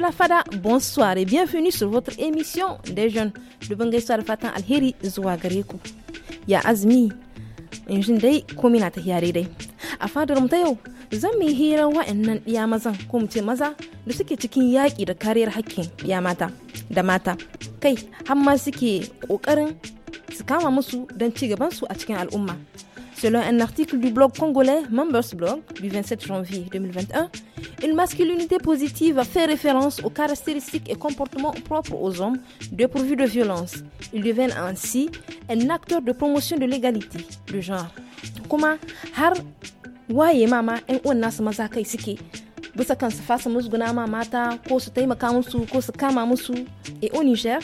la Fada, bonsoir et bienvenue sur votre émission des jeunes da da fatan alheri zuwa gareku Ya azumi, un dai komi communauté tafiya daidai. A fadar mu ta yau, zan mu hirar wa'annan mazan ko mu ce maza da suke cikin yaƙi da kariyar hakkin ya mata da mata. Kai, har ma suke ƙoƙarin su kama musu don ci gabansu a cikin al'umma. Selon un article du blog congolais Members Blog du 27 janvier 2021, une masculinité positive fait référence aux caractéristiques et comportements propres aux hommes dépourvus de violence. Ils deviennent ainsi un acteur de promotion de l'égalité de genre. Comment har mama en bisa kan su fasa musguna ma mata ko su taimaka musu ko su kama musu et au Niger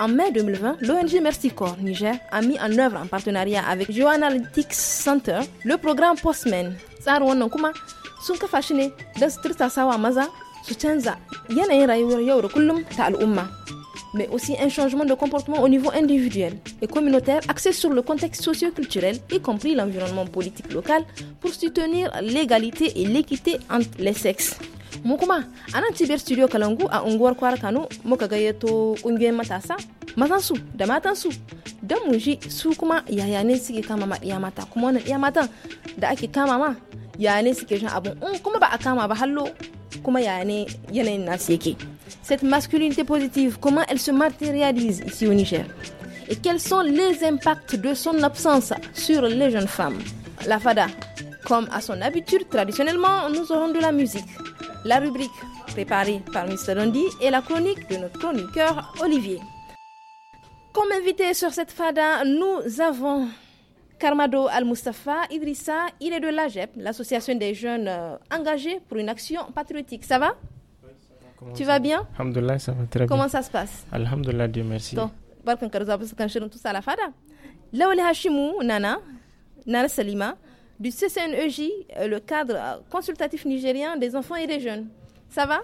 En mai 2020, l'ONG Merci Corps Niger a mis en œuvre en partenariat avec Analytics Center le programme Postman. Tsarin wannan kuma sun kafa shi ne don su turtasawa maza su canza yanayin rayuwar yau da kullum ta al'umma mais aussi un changement de comportement au niveau individuel et communautaire axé sur le contexte socio-culturel, y compris l'environnement politique local, pour soutenir l'égalité et l'équité entre les sexes. mu kuma a nan studio kalangu a unguwar kwara kano muka gayyato kungiyoyin matasa mazansu da matansu don mu ji su kuma yaya ne suke kama ma iya mata kuma wannan iya matan da ake kama ma yaya ne suke Je abun kuma ba a kama ba hallo kuma yaya ne yanayin nasu yake cette masculinité positive, comment elle se matérialise ici au Niger et quels sont les impacts de son absence sur les jeunes femmes. La Fada, comme à son habitude, traditionnellement, nous aurons de la musique. La rubrique préparée par Mr. Rondi et la chronique de notre chroniqueur Olivier. Comme invité sur cette Fada, nous avons Karmado Al-Mustafa Idrissa. Il est de l'AGEP, l'association des jeunes euh, engagés pour une action patriotique. Ça va tu vas bien Alhamdulillah, ça va Comment bien. ça se passe Alhamdulillah, Nana, Nana Salima du CCNEJ, euh, le cadre euh, consultatif nigérien des enfants et des jeunes. Ça va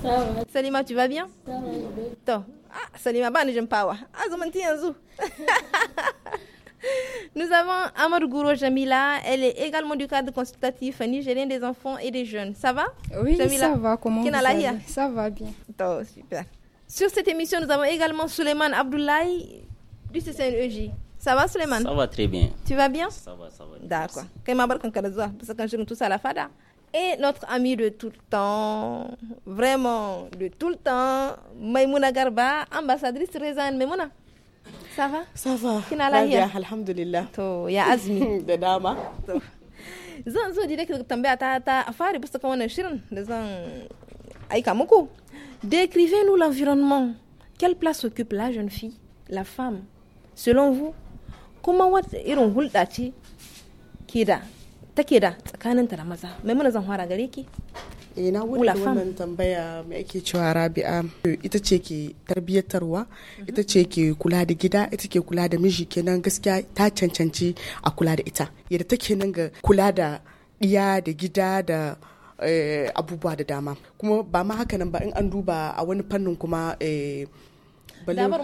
Ça va. Salima, tu vas bien Ça va. ah, Salima ah, Nous avons Amadou Gouro Jamila. Elle est également du cadre consultatif nigérien des enfants et des jeunes. Ça va Oui, ça va. Comment Ça va bien. Sur cette émission, nous avons également Suleiman Abdoulaye du CCNEJ. Ça va, Suleiman Ça va très bien. Tu vas bien Ça va, ça va. D'accord. fada. Et notre ami de tout le temps, vraiment de tout le temps, Maimouna Garba, ambassadrice Rezan Maimouna. Ça va? Ça va. Kina bah Alhamdulillah. To ya Azmi. da dama. Zan zo direct da tambaya ta ta a fari bisa kan wannan shirin da zan aika muku. Décrivez-nous l'environnement. Quelle place occupe la jeune fille, la femme, selon vous? comment wat irin hulɗa ce ke da take da da maza? Mai mana zan fara gare ki? eh na da wannan tambaya mai ake cewa Rabi'a ita ce ke tarbiyyatarwa ita ce ke kula da gida ita ke kula da miji kenan gaskiya ta cancanci a kula da ita yadda take nan ga kula da ɗiya da gida da eh, abubuwa da dama kuma ba ma haka nan ba in an duba a wani fannin kuma eh, damar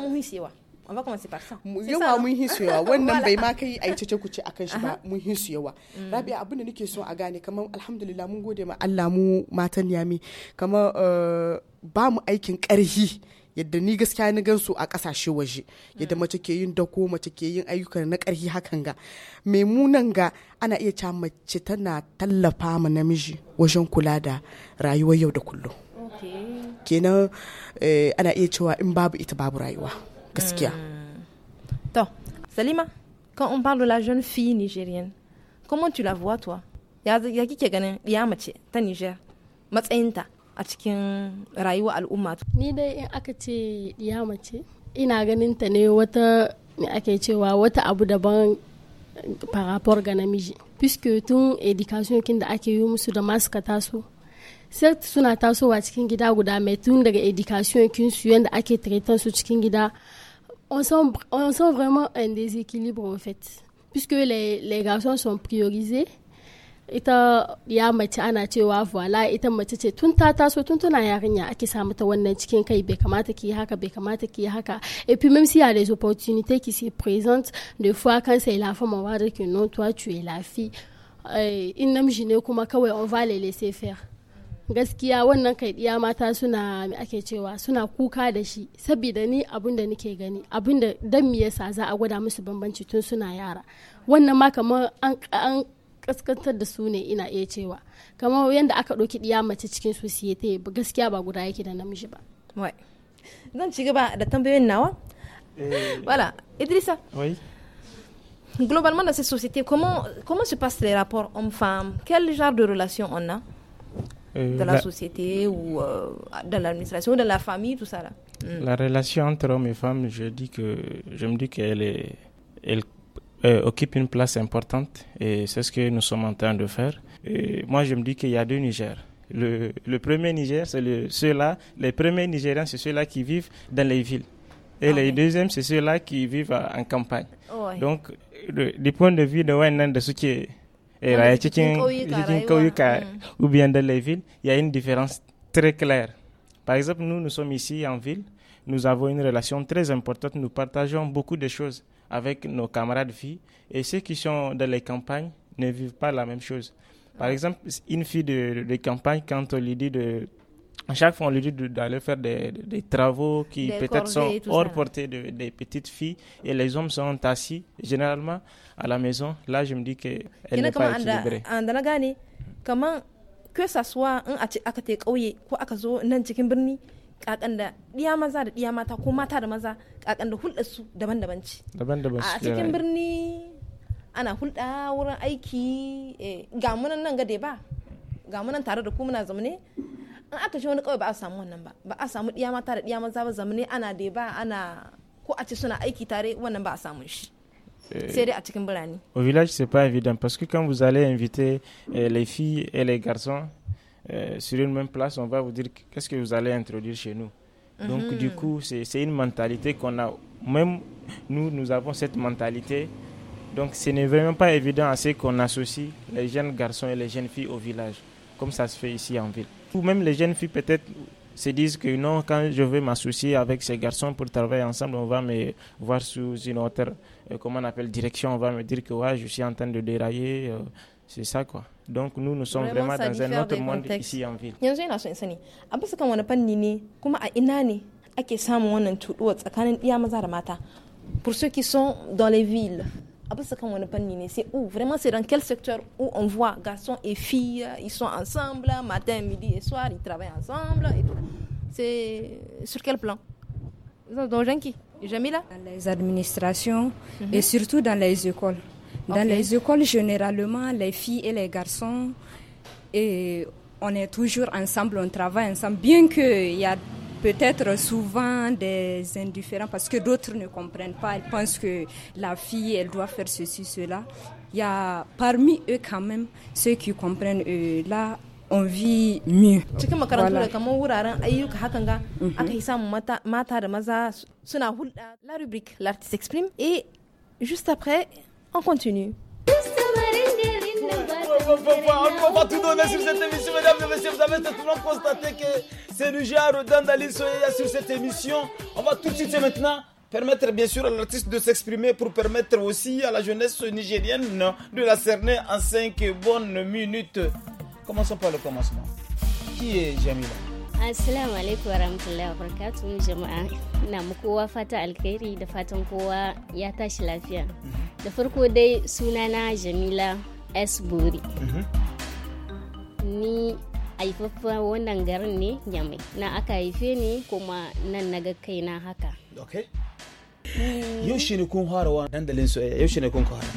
on va commencer par ça yawa mun su yawa wannan bai ma kai a ce ku ce akan shi ba uh-huh. mun su yawa mm. rabi'a abin da nake so a gane kamar alhamdulillah mun gode ma Allah mu matan yami kamar uh, ba mu aikin karhi yadda ni gaskiya na gansu a kasashe waje yadda mm. mace ke yin dako mace ke yin ayyukan na karhi hakan ga Mai munan ga ana iya cewa mace tana tallafa ma namiji wajen kula da rayuwar yau da kullum kenan eh, ana iya cewa in babu ita babu rayuwa gaskiya euh, to salima quand on parle de la jeune fille nigérienne comment tu la vois toi ya ya kike ganin ya mace ta Niger matsayinta a cikin rayuwa al'umma ni dai in aka ce ya mace ina ganin ta ne wata me ake cewa wata abu daban par rapport ga namiji puisque ton education kin da ake yi musu da masu ka taso cert suna tasowa cikin gida guda mai tun éducation education kin su yanda ake tretan su cikin gida on sent, on sent vraiment un déséquilibre en fait, puisque les, les garçons sont priorisés. ita ya mace ana cewa voila ita mace ce tun ta taso tun tana yarinya ake sa mata wannan cikin kai bai kamata ki haka bai kamata ki haka et puis même s'il y a des opportunités qui se présentent des fois quand c'est la femme on va dire que non toi tu es la fille euh, in namiji ne kuma kawai on va les laisser faire gaskiya wannan kai ɗiya mata suna ake cewa suna kuka da shi saboda ni abin gani a gwada musu bambanci tun suna yara wannan ma kamar an kaskantar da su ne ina iya cewa kamar aka cikin ba ba eh. voilà Idrissa oui globalement dans cette société comment comment se passent les rapports homme femmes quel genre de relation on a euh, dans la, société ou euh, dans l'administration, dans la famille, tout ça là. Mm. La relation entre hommes et femmes, je dis que je me dis qu'elle est, elle euh, occupe une place importante et c'est ce que nous sommes en train de faire. Et moi, je me dis qu'il y a deux Niger. Le, le premier Niger, c'est ceux-là, les premiers Nigériens, c'est ceux-là qui vivent dans les villes. Et ah les deuxièmes, c'est ceux-là qui vivent en campagne. Oh, Donc, du point de vue de Wayne de ce qui est et là, ou bien dans les villes, il y a une différence très claire. Par exemple, nous, nous sommes ici en ville, nous avons une relation très importante, nous partageons beaucoup de choses avec nos camarades filles et ceux qui sont dans les campagnes ne vivent pas la même chose. Par ah. exemple, une fille de, de campagne, quand on lui dit de à chaque fois, on lui dit d'aller faire des, des, travaux qui peut-être sont hors portée de, des petites filles et les hommes sont assis généralement à la maison. Là, je me dis qu'elle n'est pas équilibrée. Comment que ça soit un akaté kauye ko aka zo nan cikin birni kakan da diya maza da diya mata ko mata da maza kakan da hulɗar daban-daban ce daban-daban a cikin birni ana hulɗa wurin aiki eh, ga munan nan gade ba ga munan tare da ku muna zaune ce suna au village, c'est pas évident parce que quand vous allez inviter eh, les filles et les garçons eh, sur une même place, on va vous dire qu'est-ce que vous allez introduire chez nous. Donc, mhm. du coup, c'est une mentalité qu'on a. Même nous, nous avons cette mentalité. Donc, ce n'est vraiment pas évident à ce qu'on associe les jeunes garçons et les jeunes filles au village comme ça se fait ici en ville. Ou même les jeunes filles peut-être se disent que non, quand je vais m'associer avec ces garçons pour travailler ensemble, on va me voir sous une autre, euh, comment on appelle, direction, on va me dire que ouais, je suis en train de dérailler. Euh, c'est ça quoi. Donc nous nous sommes vraiment, dans un autre monde ici en ville. Pour ceux qui sont dans les villes, ou Vraiment, c'est dans quel secteur où on voit garçons et filles, ils sont ensemble, matin, midi et soir, ils travaillent ensemble C'est sur quel plan Dans là les administrations mhm. et surtout dans les écoles. Dans les écoles, généralement, les filles et les garçons, et on est toujours ensemble, on travaille ensemble, bien qu'il y a peut-être souvent des indifférents parce que d'autres ne comprennent pas. Elles pensent que la fille, elle doit faire ceci, cela. Il y a parmi eux quand même ceux qui comprennent. Euh, là, on vit mieux. Mhm. La rubrique, l'artiste exprime. Et juste après, on continue on peut pas, on peut pas tout donner sur cette émission, mesdames et messieurs. Vous avez certainement constaté que c'est Rugia Rodan d'Ali Soyeya sur cette émission. On va tout de suite et maintenant permettre bien sûr à l'artiste de s'exprimer pour permettre aussi à la jeunesse nigérienne de la cerner en 5 bonnes minutes. Commençons par le commencement. Qui est Jamila Assalamu alaikum warahmatullahi wabarakatuh jama'a ah, ina muku kowa fata alkhairi da fatan kowa ya tashi lafiya mhm. da farko dai sunana Jamila S. Mhm. Ni haifafa wannan garin ne Yamai. Na aka haife ni kuma nan na ga kaina haka. Yau shi ne kun fara wa dandalin su yau shi ne kun fara.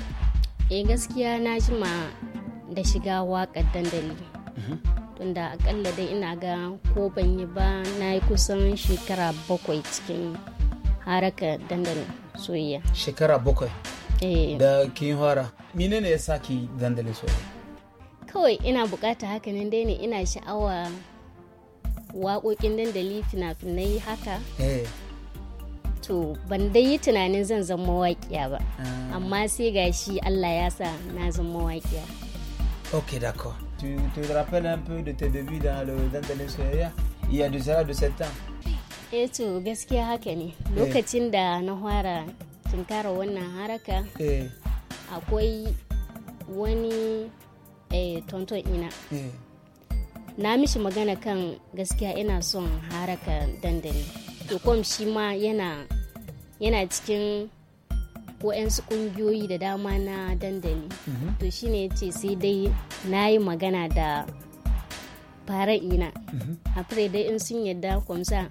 E gaskiya na ma da shiga waƙar dandali. Mhm. Tunda akalla dai ina ga ko ban yi ba na yi kusan shekara bakwai cikin haraka dandalin soyayya. Shekara bakwai? Eh. Da kin fara? menene ya sa ki dandalin soyayya kawai ina bukata haka nan dai ne ina sha'awa waƙoƙin dandali fina-finai haka eh. to ban dai yi tunanin zan zama mawaƙiya ba ah. amma sai gashi Allah ya sa na zama mawaƙiya ok d'accord tu te rappelles un peu de tes débuts dans le dandalin soyayya il y a de cela de sept ans eh to gaskiya haka ne eh. lokacin da na fara tunkara wannan haraka eh akwai wani eh, tonton ina eh. na mishi magana kan gaskiya ina son haraka dandali dokom shi ma yana cikin waɗansu ƙungiyoyi da dama na dandali mhm. to shine ne ce sai dai na yi magana da fara ina a mhm. a dai in sun yadda kwamsa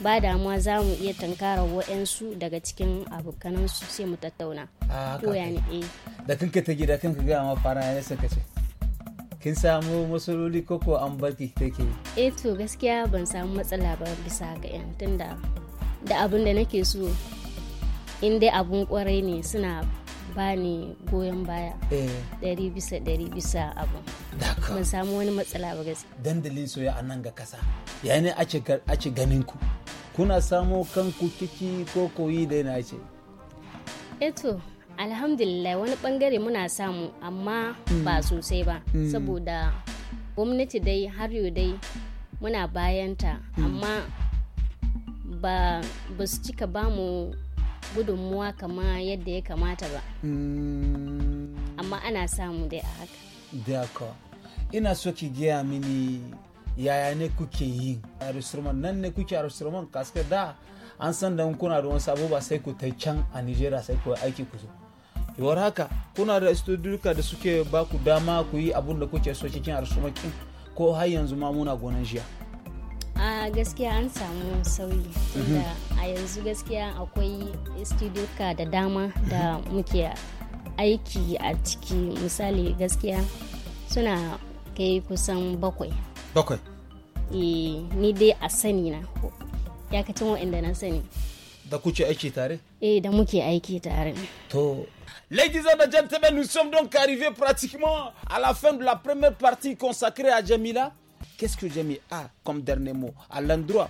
ba damuwa za mu iya tankara wa'yansu daga cikin abokanansu sai mu tattauna ah, ko ya ne eh. da kanka ta gida kanka ma fara ya saka ce kin samu matsaloli ko ko an barki take eh to gaskiya ban samu matsala ba bisa ga yan tunda da abin da nake so in dai abun kwarai ne suna ba ni goyon baya eh. ɗari bisa ɗari bisa abu ban samu wani matsala ba gaskiya dandalin soya a nan ga kasa yayin a ci ganin ku kuna samo kanku kiki ko koyi da yana ce eto eh alhamdulillah wani bangare muna samu amma hmm. ba sosai ba hmm. saboda gwamnati dai har yau dai muna bayanta hmm. amma ba su cika ba mu gudunmuwa kama yadda ya kamata ba amma ana samu dai a haka ina so ki gaya mini yaya ne kuke yi a restaurant nan ne kuke a restaurant kaske da an san da kuna da wani sabo ba sai ku ta can a nigeria sai ku aiki ku zo yawar haka kuna da istuduka da suke ba ku dama ku yi abun da kuke so cikin a restaurant ko har yanzu ma muna gonan jiya a gaskiya an samu sauyi mhm. a yanzu gaskiya akwai istuduka da dama da mhm. muke aiki a ciki misali gaskiya suna kai kusan bakwai bakwai e, ni Ladies and gentlemen, nous sommes donc arrivés pratiquement à la fin de la première partie consacrée à Jamila. Qu'est-ce que Jamila a comme dernier mot à l'endroit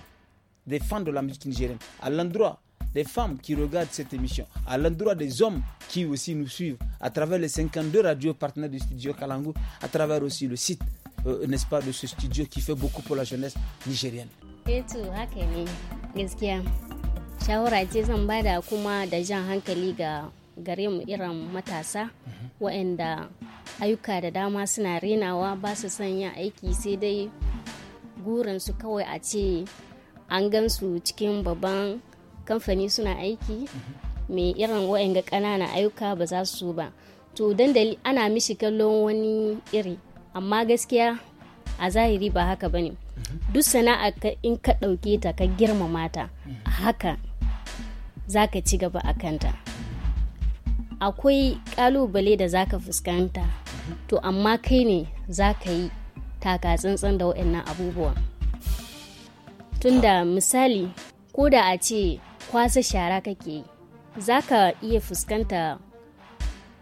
des fans de la musique nigérienne, à l'endroit des femmes qui regardent cette émission, à l'endroit des hommes qui aussi nous suivent à travers les 52 radios partenaires du studio Kalangu, à travers aussi le site euh, n'est-ce pas, de ce studio qui fait beaucoup pour la jeunesse nigérienne. Eh gaskiya shawara zan bada kuma da jan hankali ga gare mu irin matasa mhm. waɗanda ayyuka da dama suna renawa ba su son yin aiki sai dai gurinsu kawai a ce an gansu cikin babban kamfani suna aiki mhm. mai irin waɗanda ƙananan ayyuka ba za su ba to dandali ana mishi kallon wani iri amma gaskiya a zahiri ba haka ba ne duk sana'a in ka ɗauke ta ka girmama ta haka za ka ci gaba a kanta akwai ƙalubale da za ka fuskanta to amma kai ne za ka yi taka tsantsan da waɗannan abubuwa tunda misali ko da a ce kwasa shara kake yi za ka iya fuskanta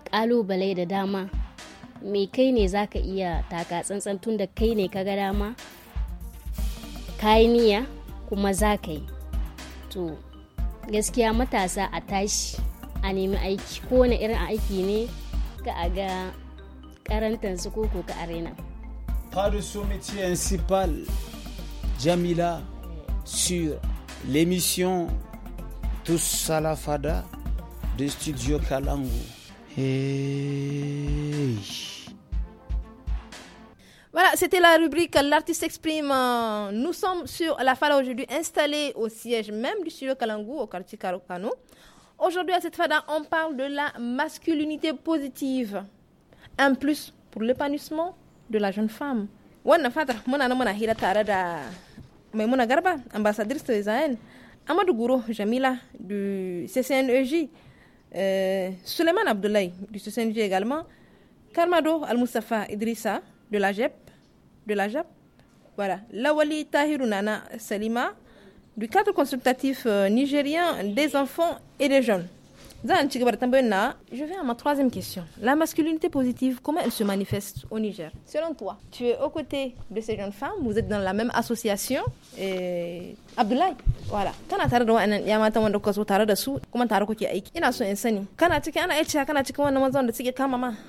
ƙalubale da dama me kai ne za ka iya taka tsantsan tun da kai ne ka ga dama kayi niya kuma za ka yi to gaskiya matasa a tashi a nemi aiki ko wani irin aiki ne ka a ga su ko ko ka arena fadu son métier Jamila, sur l'émission Tous Salafada de Studio Kalangu. Voilà, c'était la rubrique L'artiste s'exprime. Nous sommes sur la Fala aujourd'hui, installée au siège même du studio Kalangou, au quartier Karokano. Aujourd'hui, à cette là on parle de la masculinité positive. Un plus pour l'épanouissement de la jeune femme. ambassadrice amadou jamila du euh, Suleiman Abdoulaye du CNJ également, Karmado al mustafa Idrissa de la JEP, de la voilà, Lawali Tahirunana Salima du cadre consultatif euh, nigérien des enfants et des jeunes. Je vais à ma troisième question. La masculinité positive, comment elle se manifeste au Niger Selon toi, tu es aux côtés de ces jeunes femmes, vous êtes dans la même association et Abdoulaye, voilà. Kana tare da ya kuka tare da su kuma tare kuke aiki. Ina so in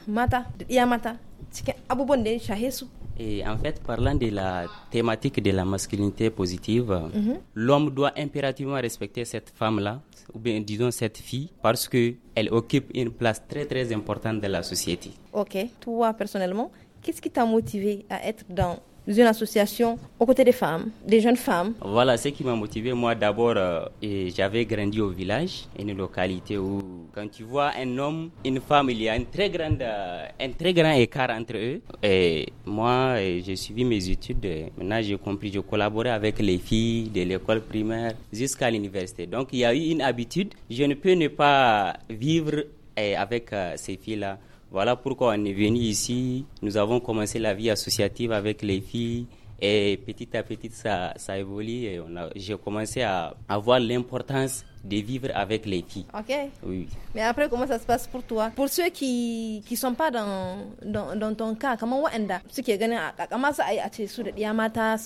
mata da iya mata tu et en fait, parlant de la thématique de la masculinité positive, mhm. l'homme doit impérativement respecter cette femme-là, ou bien disons cette fille, parce qu'elle occupe une place très très importante de la société. Ok. Toi, personnellement, qu'est-ce qui t'a motivé à être dans une association aux côtés des femmes, des jeunes femmes. Voilà, ce qui m'a motivé, moi d'abord, euh, Et j'avais grandi au village, une localité où quand tu vois un homme, une femme, il y a un très grand, euh, un très grand écart entre eux. Et moi, euh, j'ai suivi mes études. Maintenant, j'ai compris, je collaborais avec les filles de l'école primaire jusqu'à l'université. Donc, il y a eu une habitude. Je ne peux ne pas vivre avec ces filles-là voilà pourquoi on est venu ici. Nous avons commencé la vie associative avec les filles. Et petit à petit, ça, ça évolue et j'ai commencé à, avoir l'importance de vivre avec les filles. Ok. Oui. Mais après, comment ça se passe pour toi Pour ceux qui ne sont pas dans, dans, ton cas, comment Ceux qui ah, comment ça a ah, Yamata,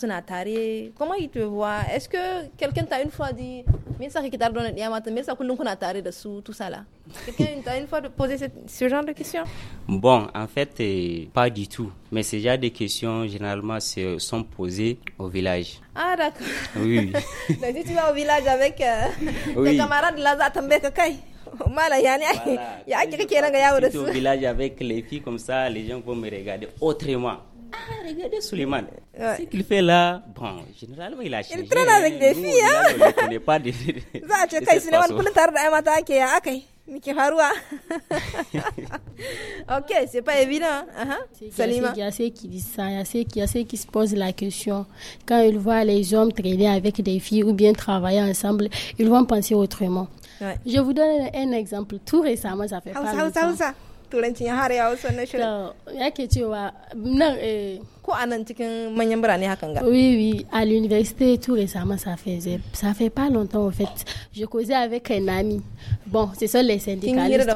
comment ils te voient Est-ce que quelqu'un t'a une fois dit cest yasa kake tare da wannan mata me yasa a kuna tare da su tusala quelqu'un t'a une fois posé ce genre de questions bon en fait eh, pas du tout mais ce genre de questions généralement sont posées au village ah d'accord oui donc si tu vas au village avec euh, oui. tes camarades là za y ka kai Mala, yani, voilà. ya ake kake ranga yawo tu vas au village avec les filles comme ça, les gens vont me regarder autrement. Ah, regardez Suleiman, Ce qu'il fait là, bon, généralement, il a changé. Il traîne avec des filles, hein. Il ne pas filles. Ça, tu hein. Ok. Hein. ok, c'est pas évident. hein uh-huh. Il y a ceux qui disent ça, il y a ceux qui, se posent la question. Quand ils voient les hommes traîner avec des filles ou bien travailler ensemble, ils vont penser autrement. Je vous donne un exemple. Tout récemment, ça fait pas turancin har ya wasu na shirin yake cewa nan eh, ko anan cikin manyan birane hakan ga oui oui à l'université tout récemment ça faisait ça fait pas longtemps en fait je causais avec un ami bon c'est ça les eh, syndicalistes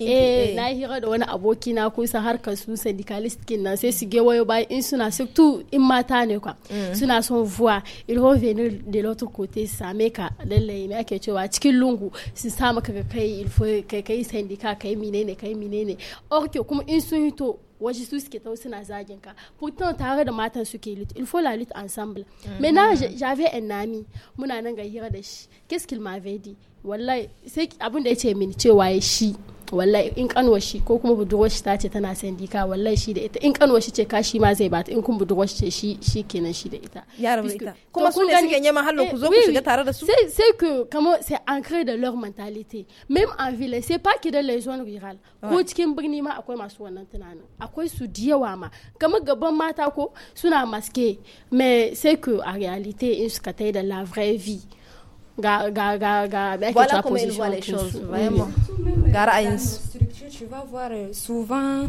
eh na hira da wani aboki na kusan harkar su syndicalistes kin nan sai su gewayo ba in suna surtout in mata ne kwa mm. suna son voix ils vont venir de l'autre côté ça same ka lalle me ake cewa cikin lungu su sa maka kai il faut kai kai syndicat kai minene kai minene or kuma in sun hito waje qui suke tau suna zagin ka pourtant tare matin ce qu'il lutte. il faut la lutte ensemble mm -hmm. maintenant j'avais un ami muna nan ga hira qu'est-ce qu'il m'avait dit wallahi sai abin da yace mini cewa ya shi wallahi in kanwa shi ko kuma budurwar shi ta ce tana sayan dika wallahi shi da ita in kanwa shi ce ka shi ma zai bata in kun budurwar shi ce shi shi kenan shi da ita yara da ita kuma su ne suke neman hallo ku zo ku eh, shiga tare da su sai c'est que comment c'est ancré dans leur mentalité même en ville c'est pas que dans les zones rurales ko cikin birni ma akwai masu wannan tunanin akwai su diyawa ma kamar gaban mata ko suna maske mais c'est que a réalité in suka tai da la vraie vie voilà comment ils voient les choses vraiment euh, structure tu vas voir euh, souvent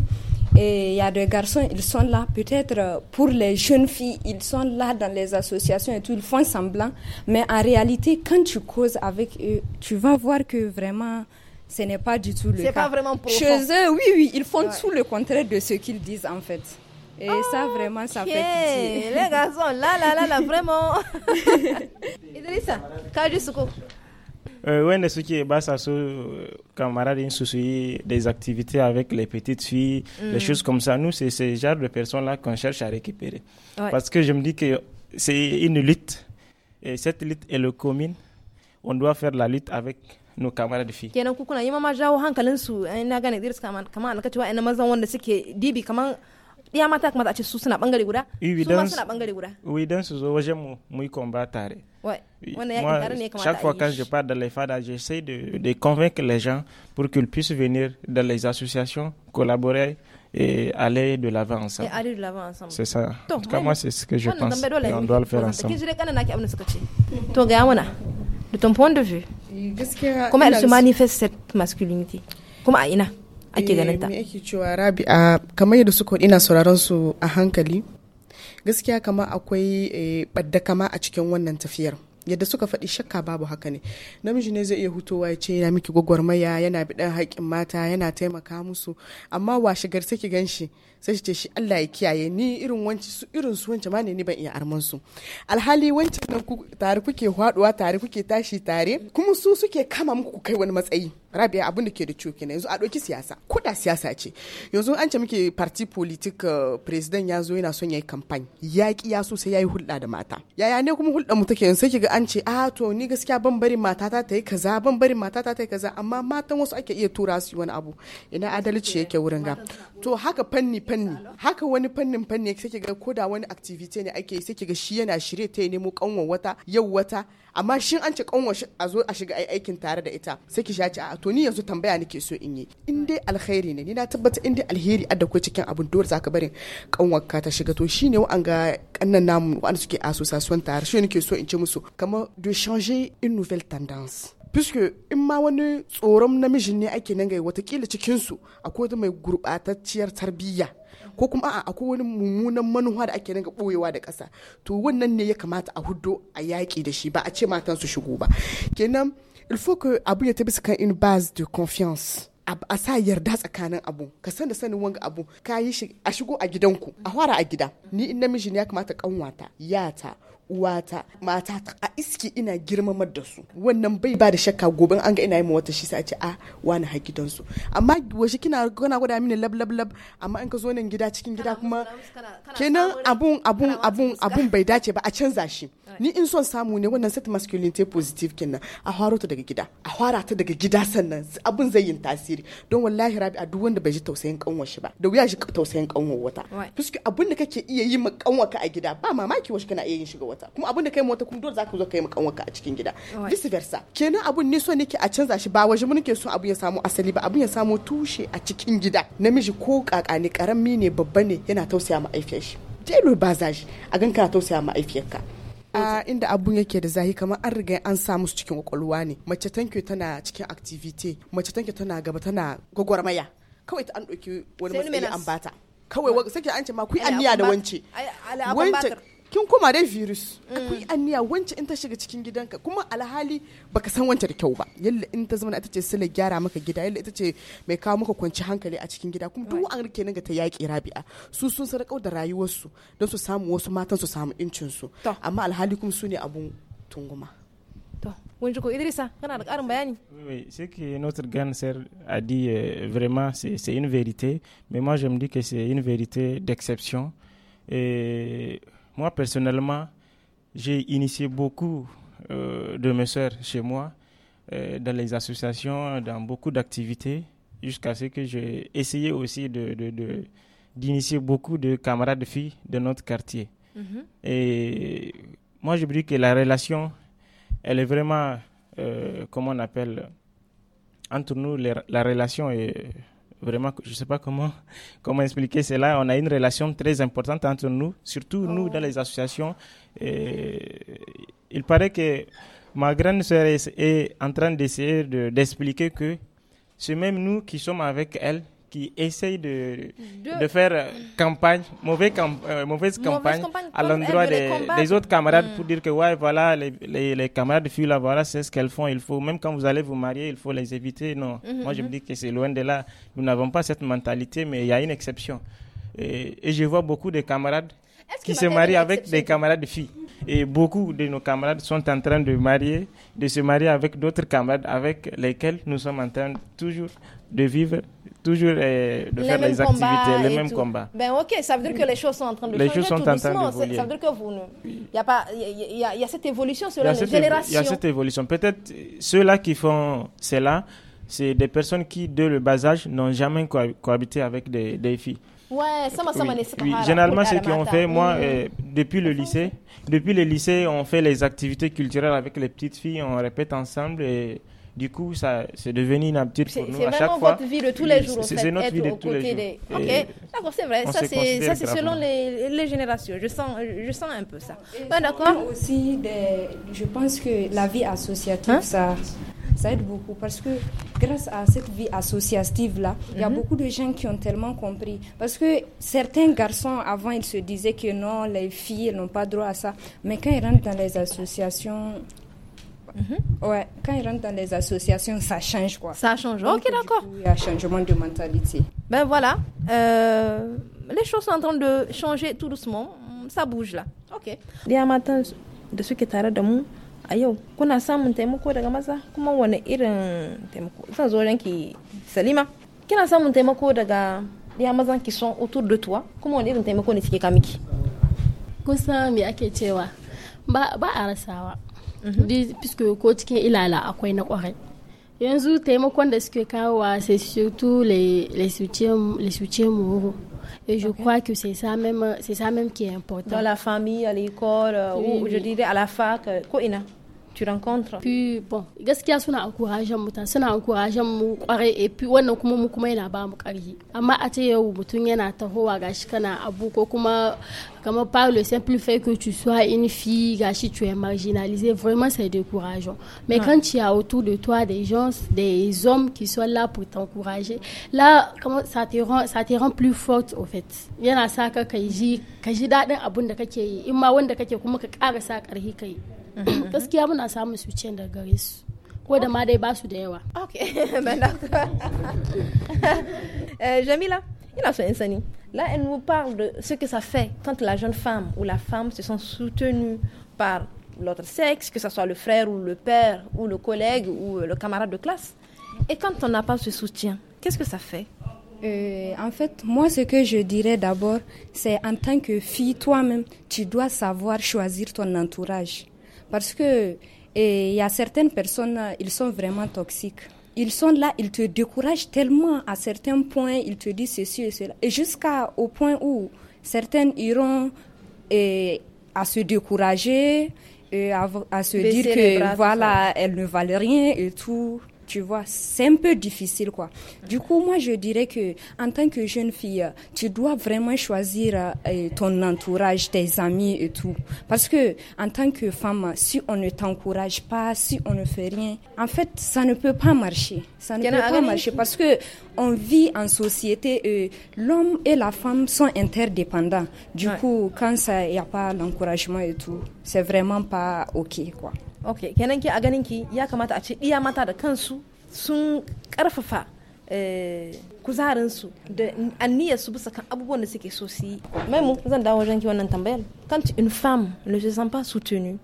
et il y a des garçons, ils sont là, peut-être euh, pour les jeunes filles, ils sont là dans les associations et tout, ils font semblant. Mais en réalité, quand tu causes avec eux, tu vas voir que vraiment, ce n'est pas du tout le cas. pas vraiment Chez eux, oui, oui, ils font tout le contraire de ce qu'ils disent en fait. Et ça, ah, vraiment, ça fait pitié. Les garçons, là, là, là, là, vraiment. Idrissa, Kaju Soukou. ce suke ba sa Les camarades su su des activités avec les petites filles, des mm. choses comme ça. Nous, c'est ce genre de personnes-là qu'on cherche à récupérer. Parce que je me dis que c'est une lutte. Et cette lutte, est le commun. On doit faire la lutte avec nos camarades filles Kena ina gane kama wanda ya mata kuma za a ce su suna bangare guda su ma suna bangare guda we dan su zo wajen mu mu yi combat tare chaque fois quand je parle dans les fadas j'essaie de de convaincre les gens pour qu'ils puissent venir dans les associations collaborer et aller de l'avant ensemble. Et aller de l'avant ensemble. C'est ça. en tout cas, moi, c'est ce que je pense. Et on doit le faire ensemble. To Gawana, de ton point de vue, comment elle se manifeste cette masculinité Comment Aïna ake ganin ta. Eh, me yake cewa Rabi'a kamar yadda suka ina sauraron su a hankali gaskiya kama akwai eh, ɓadda kama a cikin wannan tafiyar yadda suka faɗi shakka babu haka ne namiji ne zai iya hutowa ya ce yana miki gwagwarmaya yana biɗan haƙƙin mata yana taimaka musu amma washe gar sai gan shi sai ce shi Allah ya kiyaye ni irin wanci su irin su wance ma ne ni ban iya arman su alhali wancan nan tare kuke haɗuwa tare kuke tashi tare kuma su suke kama muku kai wani matsayi rabia abin da ke da coki na yanzu a ɗauki siyasa ko da siyasa ce yanzu an ce muke parti politik eh, president ya zo yana son ya yi kamfani ya ki ya so ya yi hulɗa da mata yaya ne kuma hulɗa mu take yanzu sai an ce a ah, to ni gaskiya ban bari matata ta yi kaza ban bari matata ta yi kaza amma matan wasu ake iya tura su wani abu ina adalci yake wurin ga to haka fanni fanni haka wani fannin fanni sai kiga ko da wani activity ne ake yi sai shi yana shirye ta nemo kanwan wata yau wata amma shin an ce kanwan a zo a shiga aikin tare da ita sai ki a to ni yanzu tambaya nake so in yi in dai alkhairi ne ni na tabbata in dai alheri adda ko cikin abin dole zaka barin kanwarka ta shiga to shine wa'an ga kannan namu wa'an suke association tare shi nake so in ce musu kamar de changer une nouvelle tendance puisque in ma wani tsoron namiji ne ake nan gai watakila cikinsu akwai wata mai gurɓatacciyar tarbiyya ko kuma a'a akwai wani mummunan manuwa da ake nan ɓoyewa da ƙasa to wannan ne ya kamata a hudo a yaƙi da shi ba a ce matan su shigo ba kenan il faut que abu ya tabbata kan in base de confiance a sa yarda tsakanin abu ka san da sanin wanga abu ka yi shi a shigo a gidanku a fara a gida ni in namiji ne ya kamata kanwata yata uwata ta a iski ina girmamar da su wannan bai ba da shakka gobe an ga ina yi wata shi sai a ce a ah, wani ha gidansu amma washe kina kana gwada mini lab lab lab amma in ka zo nan gida cikin gida kuma kenan abun abun abun abun bai dace ba a canza shi ni in son samu ne wannan set masculinity positive kenan a haro ta daga gida a fara ta daga gida sannan abun zai yin tasiri don wallahi rabi a duk wanda bai ji tausayin kanwar shi ba da wuya shi tausayin kanwar wata fuski abun da kake iya yi ma kanwar ka a gida ba mamaki washe kana iya yin shiga wata kuma abin da kai mota kuma dole zaka zo kai ma wanka a cikin gida vice versa kenan abun ne so nake a canza shi ba waje mun ke so abun ya samu asali ba abun ya samu tushe a cikin gida namiji ko kaka ne karami ne babba ne yana tausaya ma aifiyar shi jelo ba za shi a gan kana tausaya ma ka a inda abun yake da zahi kamar an riga an sa musu cikin kwakwalwa ne mace tanke tana cikin activity mace tanke tana gaba tana gwagwarmaya kawai ta an ɗauki wani matsayi an bata kawai ke an ce ma ku anniya da wance wance kin kuma dai virus mm. akwai aniya wance in ta shiga cikin gidanka kuma alhali baka san wance da kyau ba yalla in ta zama ita ce sila gyara maka gida yalla ita ce mai kawo maka kwanci hankali a cikin gida kuma duk mm. an rike ga ta yaƙi rabi'a su sun sadakau da rayuwarsu don su samu wasu matan su samu incin su amma alhali kuma su ne abun tunguma to kana da bayani Oui, c'est que notre grande sœur a dit, euh, vraiment, c'est une vérité. Mais moi, je me dis que c'est une vérité d'exception. Et moi, personnellement, j'ai initié beaucoup euh, de mes soeurs chez moi, euh, dans les associations, dans beaucoup d'activités, jusqu'à ce que j'ai essayé aussi de, d'initier beaucoup de camarades de filles de notre quartier. Mm-hmm. Et moi, je dis que la relation, elle est vraiment, euh, comment on appelle, entre nous, la relation est vraiment, je ne sais pas comment, comment expliquer cela. On a une relation très importante entre nous, surtout nous oh. dans les associations. Et il paraît que ma grande sœur est, est en train d'essayer d'expliquer que c'est même nous qui sommes avec elle qui essayent de, de... faire euh, campagne, mauvaise, campagne euh, campagne, à l'endroit des, autres camarades mm. pour dire que ouais, voilà, les, les, les camarades filles là, voilà, c'est ce qu'elles font. Il faut, même quand vous allez vous marier, il faut les éviter. Non, mm-hmm, moi je mm-hmm. me dis que c'est loin de là. Nous n'avons pas cette mentalité, mais il y a une exception. Et, et, je vois beaucoup de camarades qui se marient avec des camarades de filles. Et beaucoup de nos camarades sont en train de, marier, de se marier avec d'autres camarades avec lesquels nous sommes en train toujours de vivre, toujours euh, de faire les activités, les mêmes combats. Ben ok, ça veut dire que les choses sont en train de les changer choses sont en ça veut dire que vous, il y a pas, il y, a cette évolution selon les générations. Il y a cette évolution. Peut-être ceux-là qui font cela, c'est des personnes qui, dès le bas âge, n'ont jamais cohabité avec des filles. Ouais, ça m'a ça oui, Généralement, ce qu'on fait, moi, euh, depuis le lycée, depuis le lycée, on fait les activités culturelles avec les petites filles, on répète ensemble et du coup, ça, c'est devenu une habitude pour nous à chaque fois. C'est vraiment votre vie de tous les jours, C'est notre vie de tous les jours. d'accord, c'est vrai. Ça, c'est selon les, générations. Je sens, je sens un peu ça. d'accord. Aussi, je pense que la vie associative, hein? ça ça aide beaucoup parce que grâce à cette vie associative-là, il y a mhm. beaucoup de gens qui ont tellement compris. Parce que certains garçons, avant, ils se disaient que non, les filles n'ont pas droit à ça. Mais quand ils rentrent dans les associations, mhm. Ouais, quand ils rentrent dans les associations, ça change quoi. Ça change, ok, d'accord. Il y a un changement de mentalité. Ben voilà, euh, les choses sont en train de changer tout doucement, ça bouge là. Ok. Il y a un matin de ce qui tu as de a yau kuna samun taimako daga maza kuma wani irin taimako zan zo ranki salima kina samun taimako daga ya mazan ki son autour da tuwa kuma wani irin taimako ne suke kamiki kusa me ake cewa ba a rasawa mhm. fiske ko cikin ilala akwai na kwarai yanzu taimakon da suke kawowa sai su le suce mu Et je crois que c'est ça même, c'est ça même qui est important. Dans la famille, à l'école, euh, ou je dirais à la fac, quoi, euh, tu rencontres puis bon gaskiya suna encourager mu suna encourager mu kware et puis wannan kuma mu kuma yana ba mu karfi amma a ce yau mutum yana tahowa gashi kana abu ko kuma comme par le simple fait que tu sois une fille gâchée, tu es marginalisée, vraiment c'est décourageant. Mais ouais. quand tu as autour de toi des gens, des hommes qui sont là pour t'encourager, là, comment ça te rend, ça te rend plus forte au fait. Yana sa ka kai ji, ka ji daɗin da kake yi, in ma wanda kake kuma ka ƙara sa kai. Parce qu'il y a ce daga gare su ma de de l'eau. Ok, ben ok euh, jamila a fait un sani là elle nous parle de ce que ça fait quand la jeune femme ou la femme se sont soutenue par l'autre sexe que ce soit le frère ou le père ou le collègue ou euh, le camarade de classe et quand on n'a pas ce soutien qu'est-ce que ça fait euh, en fait, moi, ce que je dirais d'abord, c'est en tant que fille, toi-même, tu dois savoir choisir ton entourage. Parce que il y a certaines personnes, ils sont vraiment toxiques. Ils sont là, ils te découragent tellement à certains points, ils te disent ceci et cela. Et jusqu'au point où certaines iront à se décourager, et à, se dire que voilà, elles ne valent rien et tout. Tu vois, c'est un peu difficile, quoi. Du coup, moi, je dirais que en tant que jeune fille, tu dois vraiment choisir euh, ton entourage, tes amis et tout. Parce que en tant que femme, si on ne t'encourage pas, si on ne fait rien, en fait, ça ne peut pas marcher. Ça ne peut pas marcher parce que on vit en société. L'homme et la femme sont interdépendants. Du coup, quand il n'y a pas l'encouragement et tout, c'est vraiment pas OK, quoi ok kenan ki a ganin ki ya kamata a ce iya mata da kansu sun karfafa eh, kuzarinsu da anniyar su bisa kan abubuwan da suke so su yi mu zan dawo wajen ki wannan tambayar quand une femme ne se sent pas soutenue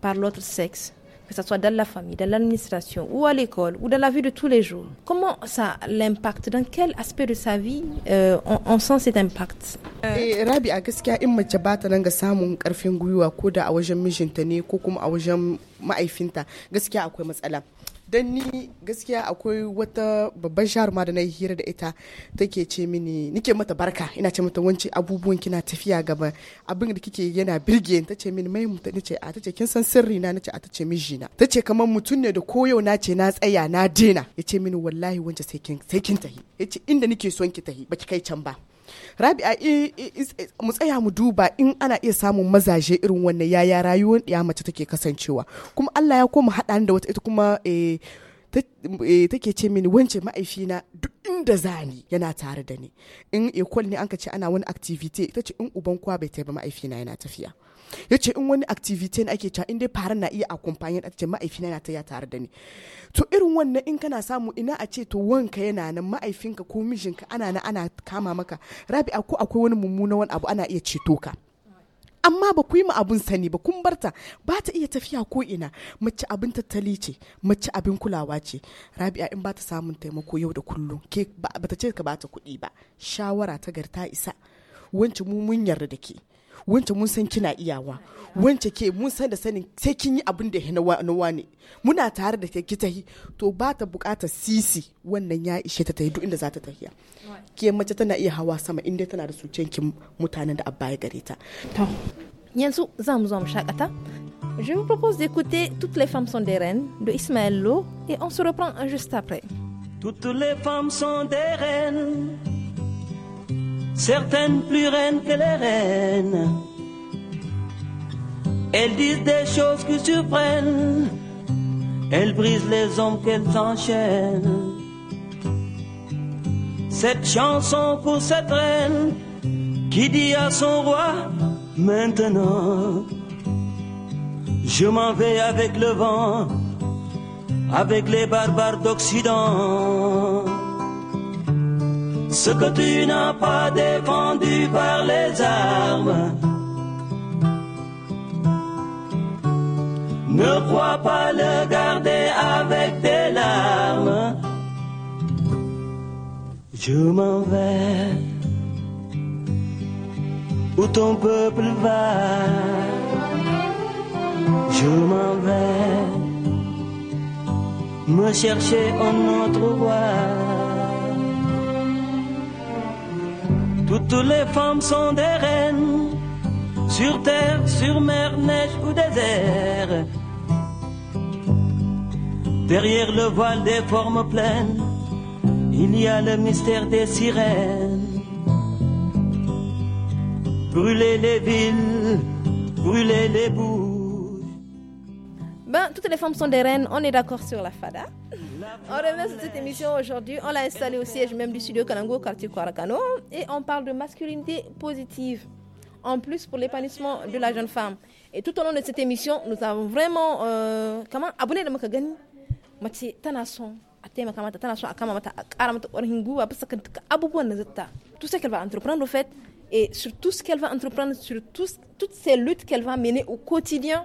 par l'autre sexe que ce soit dans la famille, dans l'administration ou à l'école ou dans la vie de tous les jours. Comment ça l'impacte Dans quel aspect de sa vie euh, on, on, sent cet impact eh, Rabi, a gaskiya in mace ba ta ranga samun karfin gwiwa ko da a wajen mijinta ne ko kuma a wajen ma'aifinta gaskiya akwai matsala. don ni gaskiya akwai wata babban jaruma da na yi hira da ita take ce mini nike mata barka ina ce mata wance abubuwan kina tafiya gaba abin da kike yana birge ta ce mini mai mutane ce a tace kin san sirri na nace a tace miji na tace kamar mutum ne da koyo na ce na tsaya na dena yace mini wallahi wance sai kin sai kin tahi yace inda nike son ki tahi baki kai can ba rabi'a mu tsaya mu duba in ana iya samun mazaje irin wannan yaya rayuwar ya mace take kasancewa kuma allah ya koma haɗa da wata ita kuma eh, eh, take ce mini wance ma'aifina duk inda zani yana tare da ni in ekol ne an ka ce ana wani activity ita ce in uban kwa bai taiba ma'aifina yana tafiya ya ce in wani activity na ake cewa in dai fara na iya accompany a ce ma'aifina na taya tare da ni to irin wannan in kana samu ina a ce to wanka yana nan ma'aifinka ko mijinka ana na ana kama maka rabi ko akwai wani mummunan wani abu ana iya ceto ka amma ba ku yi ma abun sani ba kun barta ba ta iya tafiya ko ina mace abin tattali ce mace abin kulawa ce rabi'a in ba ta samun taimako yau da kullum ke ba ta ce ka ba ta kuɗi ba shawara ta ta isa wancan mu mun yarda da ke wance mun san kina iyawa wance ke mun san da sanin sai kin yi abin da na wane muna tare da ki tahi to ba ta bukatar sisi wannan ya ishe ta tahi duk inda za ta tahiya ke mace tana iya hawa sama inda tana da suciyankin mutanen da abba ya gare ta yanzu za mu zo mu shakata Je vous propose d'écouter Toutes les femmes sont des reines de Ismaël Lo et on se reprend juste après. Toutes les femmes sont des reines certaines plus reines que les reines. Elles disent des choses qui surprennent, elles brisent les hommes qu'elles enchaînent. Cette chanson pour cette reine qui dit à son roi maintenant, je m'en vais avec le vent, avec les barbares d'Occident ce que tu n'as pas défendu par les armes. Ne crois pas le garder avec tes larmes. Je m'en vais où ton peuple va. Je m'en vais me chercher un autre roi. Toutes les femmes sont des reines, sur terre, sur mer, neige ou désert. Derrière le voile des formes pleines, il y a le mystère des sirènes. Brûlez les villes, brûlez les bouts toutes les femmes sont des reines, on est d'accord sur la FADA. On remercie cette émission aujourd'hui. On l'a installée au siège même du studio Kanango, quartier Kwarakano. Et on parle de masculinité positive, en plus pour l'épanouissement de la jeune femme. Et tout au long de cette émission, nous avons vraiment. Euh, comment Abonné de Makagani Tout ce qu'elle va entreprendre, au fait, et sur tout ce qu'elle va entreprendre, sur tout, toutes ces luttes qu'elle va mener au quotidien,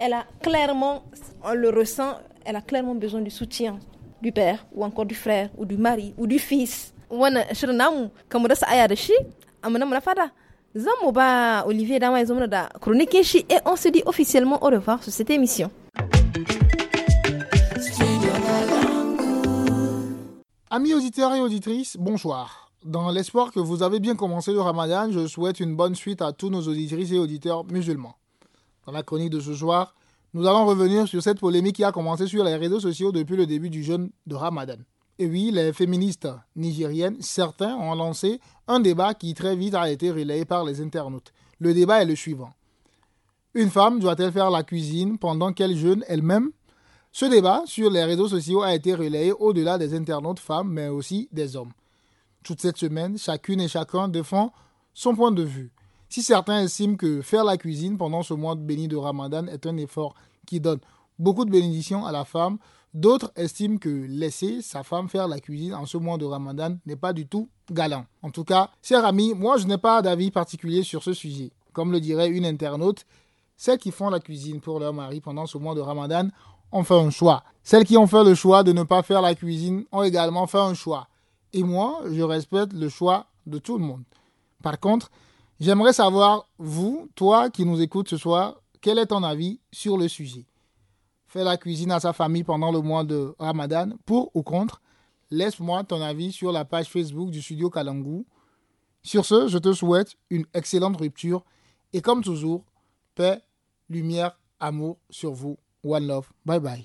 elle a clairement, on le ressent, elle a clairement besoin du soutien du père ou encore du frère ou du mari ou du fils. olivier et on se dit officiellement au revoir sur cette émission Amis auditeurs et auditrices, bonsoir. Dans l'espoir que vous avez bien commencé le ramadan, je souhaite une bonne suite à tous nos auditrices et auditeurs musulmans dans la chronique de ce soir, nous allons revenir sur cette polémique qui a commencé sur les réseaux sociaux depuis le début du jeûne de Ramadan. Et oui, les féministes nigériennes, certains ont lancé un débat qui très vite a été relayé par les internautes. Le débat est le suivant. Une femme doit-elle faire la cuisine pendant qu'elle jeûne elle-même Ce débat sur les réseaux sociaux a été relayé au-delà des internautes femmes, mais aussi des hommes. Toute cette semaine, chacune et chacun défend son point de vue. Si certains estiment que faire la cuisine pendant ce mois de béni de Ramadan est un effort qui donne beaucoup de bénédictions à la femme, d'autres estiment que laisser sa femme faire la cuisine en ce mois de Ramadan n'est pas du tout galant. En tout cas, chers amis, moi je n'ai pas d'avis particulier sur ce sujet. Comme le dirait une internaute, celles qui font la cuisine pour leur mari pendant ce mois de Ramadan ont fait un choix. Celles qui ont fait le choix de ne pas faire la cuisine ont également fait un choix. Et moi, je respecte le choix de tout le monde. Par contre, J'aimerais savoir, vous, toi qui nous écoutes ce soir, quel est ton avis sur le sujet Faire la cuisine à sa famille pendant le mois de Ramadan, pour ou contre Laisse-moi ton avis sur la page Facebook du studio Kalangu. Sur ce, je te souhaite une excellente rupture et comme toujours, paix, lumière, amour sur vous. One love. Bye bye.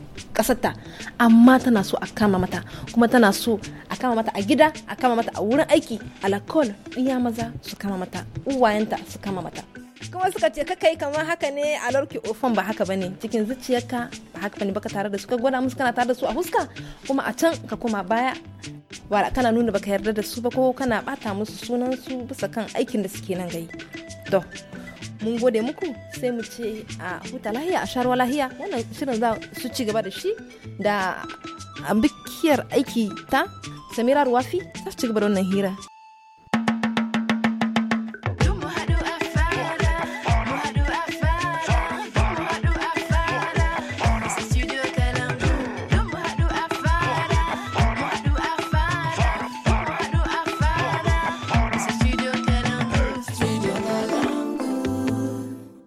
kasarta amma tana so a kama mata kuma tana so a kama mata a gida a kama mata a wurin aiki alakol iya maza su kama mata uwayenta su kama mata kuma suka ce ka kai kamar haka ne a larki ofan ba haka bane cikin zuciyarka ba haka bane baka tare da su ka gwada musu kana tare da su a huska kuma a can ka koma baya wala kana nuna baka yarda da su ba ko kana bata musu sunan su bisa kan aikin da suke nan gai to mun gode muku sai mu ce a huta lahiya a sharwa lahiya wannan shirin za su ci gaba da shi da bikiyar aiki ta samira ruwafi za su ci gaba da wannan hira